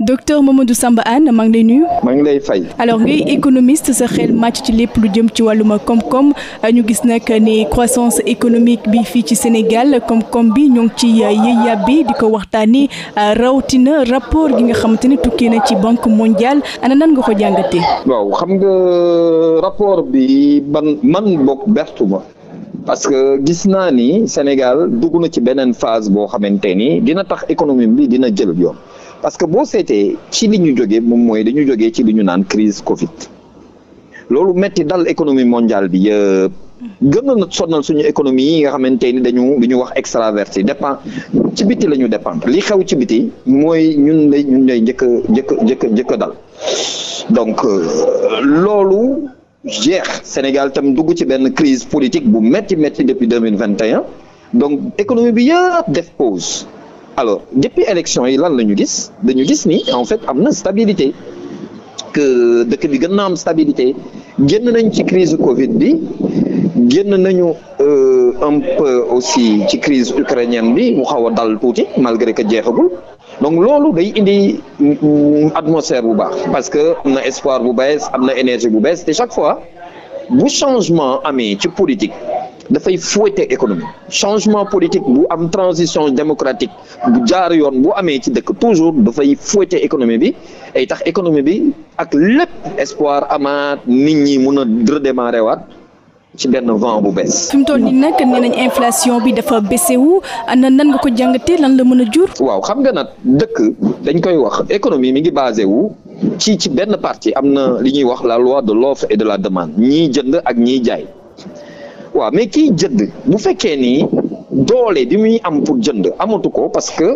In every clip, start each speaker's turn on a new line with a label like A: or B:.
A: docteur ma Samba Anne maa ngi lay nuyu.
B: maa ngi lay fay.
A: alors ngay économiste sa xel màcc ci lépp lu jëm ci wàllum koom-koom ñu gis nag ni croissance économique bi fii ci Sénégal koom-koom bi ñoo ngi ci yëyab bi di ko waxtaanee rawatina rapport gi nga xamante ni tukkee na ci banque mondiale ana nan nga ko jàngatee.
B: waaw xam nga rapport bi ban man bokk bertu ma parce que gis naa ni Sénégal dugg na ci beneen phase boo xamante ni dina tax économie bi dina jël yoon. parce que boo seetee ci li ñu jógee moom mooy dañu jógee ci li ñu naan crise Covid loolu metti dal économie mondiale bi yëpp gën a sonal suñu économie yi nga xamante ni dañu li ñu wax extraverti dépend ci biti la ñu dépendre li xew ci biti mooy ñun lay ñun lay njëkk njëkk njëkk njëkk dal donc euh, loolu jeex Sénégal tam dugg ci benn crise politique bu metti metti depuis deux mille vingt donc économie bi yëpp def pause alors depuis élection yi lan la ñu gis dañu gis ni en fait am na stabilité que dëkk bi gën na am stabilité génn nañ ci crise Covid bi génn nañu euh, un peu aussi ci crise ukrainienne bi mu xaw a dal tuuti malgré que jeexagul donc loolu day indi atmosphère bu baax parce que am na espoir bu bees am na énergie bu bees te chaque fois bu changement amee ci politique dafay fouetter économie changement politique bu am transition démocratique bu jaar yoon bu amee ci dëkk toujours dafay fouetter économie bi ay tax économie bi ak lépp espoir amaat nit ñi mun a redémarrer waat ci benn vent bu bees.
A: fi mu toll nii nag nee nañ inflation bi dafa baissé wu na nan nga ko jàngatee lan la mën a jur.
B: waaw xam nga nag dëkk dañ koy wax économie mi ngi basé wu ci ci benn partie am na li ñuy wax la loi de l'offre et de la demande ñiy jënd ak ñiy jaay. waaw mais kiy jënd bu fekkee ni doole bi muy am pour jënd amatu ko parce que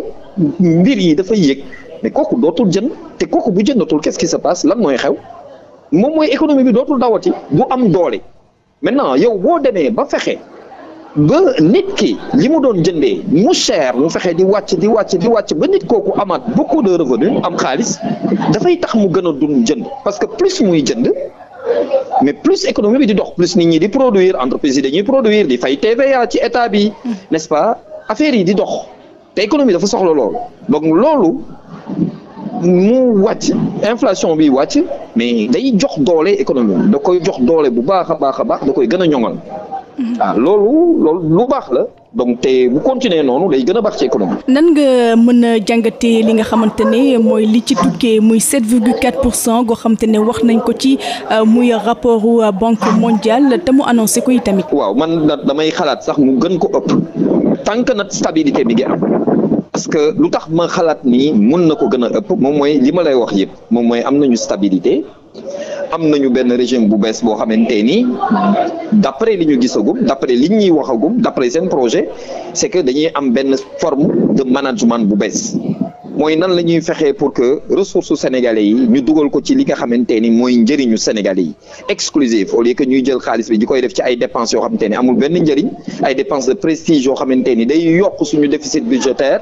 B: mbir yi dafay yëg ne kooku dootul jënd te kooku bu jëndatul qu'est-ce qui se passe lan mooy xew moom mooy économie bi dootul dawati du am doole maintenant yow boo demee ba fexe ba nit ki li mu doon jëndee mu cher mu fexe di wàcc di wàcc di wàcc ba nit kooku amaat beaucoup de revenu am xaalis dafay tax mu gën a dund jënd parce que plus muy jënd. mais plus économie bi di dox plus nit ñi di produire entreprise yi dañuy produire di fay TVA ci état bi hmm. n'est-ce pas affaire yi di dox te économie dafa soxla lool donc loolu mu wàcc inflation bi wàcc mais day jox doole économie da koy jox doole bu baax a baax a baax da koy gën a ñoŋal hmm. ah loolu loolu lu baax la donc te bu continuer noonu lay gën a baax ci économie.
A: nan nga mën a jàngatee li nga xamante ne mooy li ci tukkee muy 7,4 pour cent goo xamante ne wax nañ ko ci euh, muy rapport euh, banque mondiale te mu annoncé ko tamit waaw
B: man damay xalaat sax mu gën ko ëpp tant que nag stabilité bi nga am. parce que lu tax ma xalaat nii mun na ko gën a ëpp moom mooy li ma lay wax yëpp moom mooy am nañu stabilité am na ñu benn régime bu bees boo xamante ni d'après li ñu gisagum d'après li ñuy waxagum d'après seen projet c'est que dañuy am benn forme de management bu bees mooy nan la ñuy fexee pour que ressources sénégalais yi ñu dugal ko ci li nga xamante ni mooy njëriñu sénégalais yi exclusif au lieu que ñuy jël xaalis bi di koy def ci ay dépense yoo xamante ni amul benn njëriñ ay dépenses de prestige yoo xamante ni day yokk suñu déficit budgétaire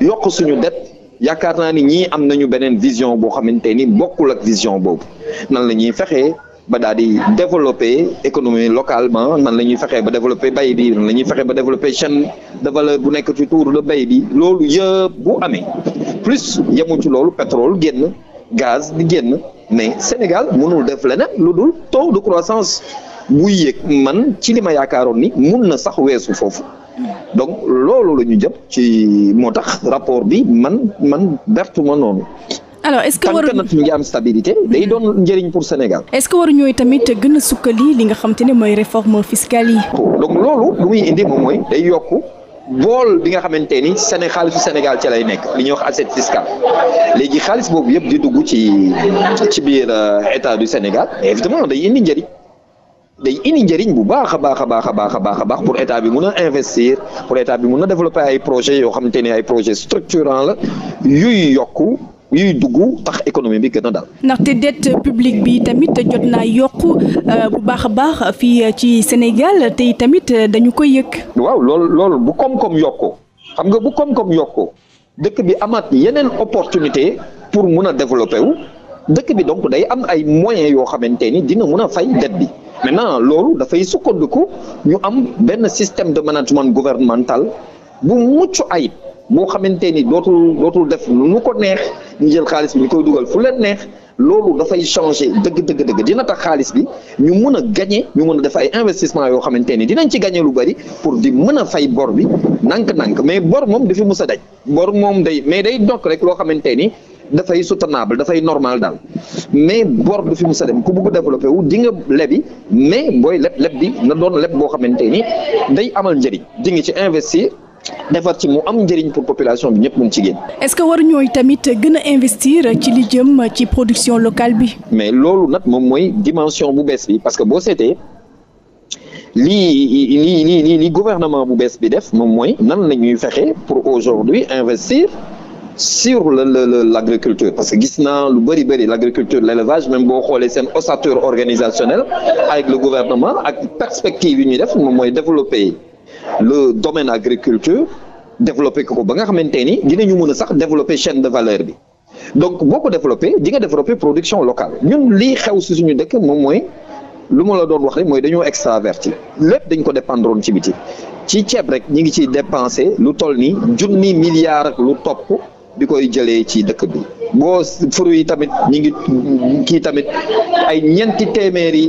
B: yokk suñu dette yaakaar naa ni ñii am nañu beneen vision boo xamante ni bokkul ak vision boobu nan la ñuy fexee ba daal di développer économie localement nan la ñuy fexee ba développer bay bi nan la ñuy fexee ba développer chaîne de valeur bu nekk ci tour de bay bi loolu yëpp bu amee plus yemu ci loolu pétrole génn gaz di génn mais Sénégal mënul def leneen lu dul taux de croissance buy yéeg man ci lima yaakaaroon ni mun na sax weesu foofu donc loolu la ñu jëm ci moo tax rapport bi man man bertu ma noonu. alors est-ce que waru tant que ngi am stabilité day doon njëriñ pour Sénégal.
A: est-ce que waruñooy tamit gën a sukkali li nga xam te ne mooy réforme fiscale yi.
B: donc loolu lu muy indi moom mooy day yokk. bool bi nga xamante ni Séné xaalisu Sénégal ci lay nekk li ñuy wax assiette fiscale léegi xaalis boobu yëpp di dugg ci ci biir euh, état du Sénégal évidemment day indi njëriñ. day indi njëriñ bu baax a baax a baax a baax a baax a baax pour état bi mun a investir pour état bi mun a développer ay projet yoo xamante ne ay projets structurants la yuy yokku yuy dugg tax économie bi gën a dal.
A: ndaxte dette publique bi tamit jot naa yokk euh, bu baax a baax fii ci Sénégal tey tamit dañu koy yëg.
B: waaw lool loolu bu koom-koom yokkoo xam nga bu koom-koom yokkoo dëkk bi amaat yeneen opportunité pour mun a développer wu dëkk bi donc day am ay moyens yoo xamante ni dina mun a fay dette bi. maintenant loolu dafay sukkandiku ñu am benn système de management gouvernemental bu mucc ay boo xamante ni dootul dootul def nu ko neex ñu jël xaalis bi ñu koy dugal fu leen neex loolu dafay changer dëgg dëgg dina tax xaalis bi ñu mën a gagner ñu mën a def ay investissement yoo xamante ni dinañ ci gagner lu bari pour di mën a fay bor bi nank-nank mais bor moom dafi mus a daj bor moom day mais day dokk rek loo xamante ni dafay soutenable dafay normal daal mais bor du fi mu sa dem ku bugg développé wu di nga lebi mais booy leb leb bi na doon leb boo xamante ni day amal njëriñ di nga ci investir. defar ci mu am njëriñ pour population bi ñëpp mun ci génn. est-ce que waru ñooy tamit gën a investir
A: ci li jëm ci production local bi.
B: mais loolu nag moom mooy dimension bu bees bi parce que boo seetee lii lii lii lii gouvernement bu bees bi def moom mooy nan la ñuy fexe pour aujourd'hui investir. sur l'agriculture parce que gis naa lu bëri bëri l'agriculture l'élevage même boo xoolee seen ossature organisationnelle avec le gouvernement ak perspective yi ñuy def moom mooy développer le domaine agriculture développer ko ba nga xamante ni dinañu mën a sax développer chaine de valeur bi donc boo ko développer di nga développer production locale ñun li xew si suñu dëkk moom mooy lu ma la doon wax rek mooy dañoo extraverti lépp dañ ko dépendroon ci bi ci ceeb rek ñi ngi ciy dépenser lu toll nii junni milliards ak lu topp. bi koy jëlee ci dëkk bi boo furu yi tamit ñu ngi kii tamit ay ñeenti téeméeri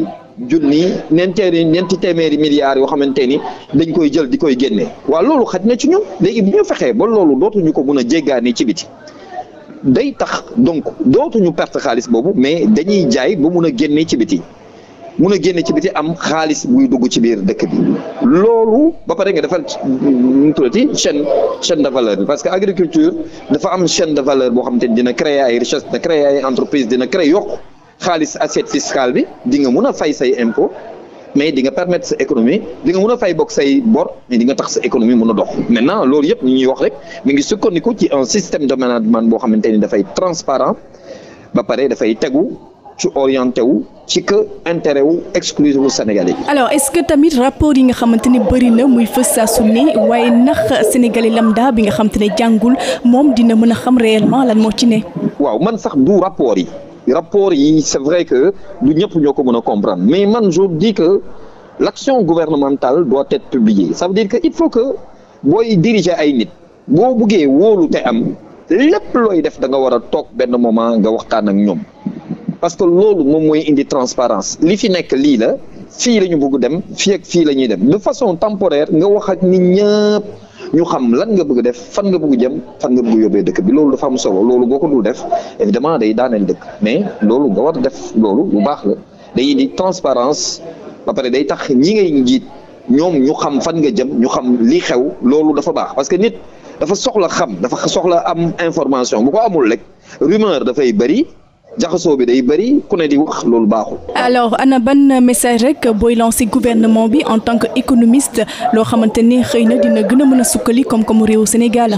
B: junni ñeenteeri ñeenti téeméeri milliards yoo xamante ni dañ koy jël di koy génne waa loolu xaj na ci ñun léegi bu ñu fexee ba loolu dootuñu ko mun a jéggaani ci biti day tax donc dootuñu perte xaalis boobu mais dañuy jaay ba mun a génnee ci biti mun a génne ci bi biti am xaalis buy dugg ci biir dëkk bi loolu ba pare nga defar ñu tuddati chaîne chaîne de valeur bi parce que agriculture dafa am chaîne de valeur boo xam te dina créer ay richesse dina créer ay entreprise dina créer yokk xaalis assiette fiscale bi di nga mun a fay say impôt mais dinga permettre sa économie di nga mun a fay bokk say bor mais di nga tax sa économie mun a dox maintenant loolu yëpp ñu ñuy wax rek mi ngi sukkandiku ci un système de management boo xamante ni dafay transparent ba pare dafay tegu ci orienté wu ci que intérêt wu exclusive wu sénégalais yi.
A: alors est-ce que tamit rapport yi nga xamante ne bëri na muy fës saa su ne waaye ndax sénégalais lambda bi nga xamante ne jàngul moom dina mën a xam réellement lan moo ci ne.
B: waaw man sax du rapport yi. rapport yi c'est vrai que lu ñëpp ñoo ko mën a comprendre mais man je dis que l'action gouvernementale doit être publiée ça veut dire que il faut que booy diriger ay nit boo buggee wóolu te am lépp looy def da nga war a toog benn moment nga waxtaan ak ñoom parce que loolu moom mooy indi transparence li fi nekk lii la fii la ñu bëgg dem fii ak fii la ñuy dem de façon temporaire nga wax ak nit ñëpp ñu xam lan nga bëgg def fan nga bugg jëm fan nga bëgg yóbbee dëkk bi loolu dafa am solo loolu boo ko dul def évidemment day daaneel dëkk mais loolu nga war def loolu bu baax la day ba pare day tax ñi ngay njiit ñoom ñu xam fan nga jëm ñu xam li xew loolu dafa baax parce que nit dafa soxla xam dafa soxla am information bu ko amul lekk rumeur dafay bëri. jaxasoo bi day bëri ku ne di wax loolu baaxul.
A: alors ana ban message rek booy lancé gouvernement bi en tant que économiste loo xamante ni xëy na dina gën a mën a comme koom-koomu réewu Sénégal.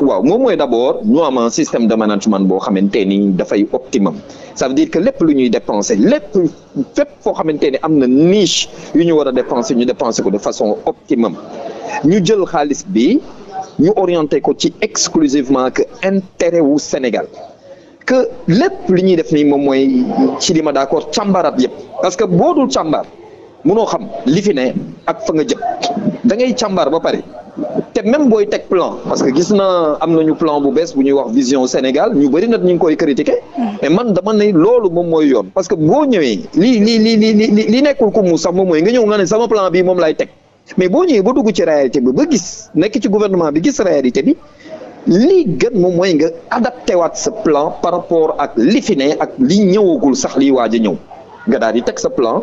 B: waaw moom mooy d' abord ñu am un système de management boo xamante ni dafay optimum ça veut dire que lépp lu ñuy dépenser lépp fépp foo xamante ni am na niche yu ñu war a dépenser ñu dépenser ko de façon optimum ñu jël xaalis bi ñu orienté ko ci exclusivement que intérêt wu Sénégal. que lépp li ñuy def nii moom mooy ci li ma d'accord càmbaraat yëpp parce que boo dul càmbar munoo xam li fi ne ak fa nga jëm da ngay càmbar ba pare te même booy teg plan parce que gis na am nañu plan bu bees bu ñuy wax vision Sénégal ñu bëri nag ñu ngi koy critiquer mais man dama ne loolu moom mooy yoon parce que boo ñëwee li li li li li li nekkul ko mu sax moom mooy nga ñëw nga ne sama plan bi moom lay teg mais boo ñëwee ba dugg ci réalité bi ba gis nekk ci gouvernement bi gis réalité bi li gën moom mooy nga adapté waat sa plan par rapport ak li fi ne ak li ñëwagul sax liy waaj a ñëw nga daal di teg sa plan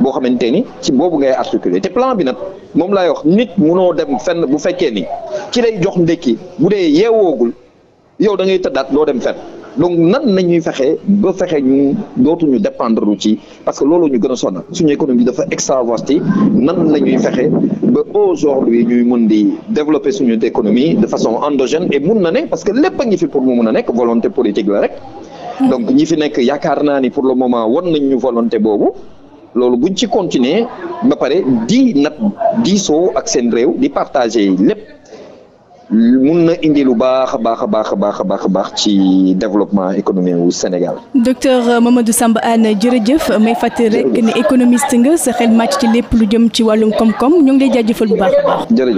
B: boo xamante ni ci boobu ngay articulé te plan bi nag moom laay wax nit munoo dem fenn bu fekkee ni ci lay jox ndékki bu dee yeewoogul yow da ngay tëddaat doo dem fenn. donc nan nañuy fexe ba fexe ñu dootuñu dépendre lu ci parce que loolu ñu gën a sonal suñu économie dafa extraverti nan la ñuy fexe ba aujourd'hui ñuy mun di développer suñu économie de façon endogène et mun na ne parce que lépp a ngi fi pour mu mun a nekk volonté politique la rek donc ñi fi nekk yaakaar naa ni pour le moment won nañ ñu volonté boobu loolu buñ ci continuer ba pare di nat diisoo ak seen réew di yi lépp mun na indi lu baax a baax a baax a baax a baax a baax ci développement économique wu Sénégal.
A: docteur Mamadou Samba Hann jërëjëf may fàttali rek ne économiste nga sa xel màcc ci lépp lu jëm ci wàllum koom-koom ñu ngi lay jaajëfal bu
B: baax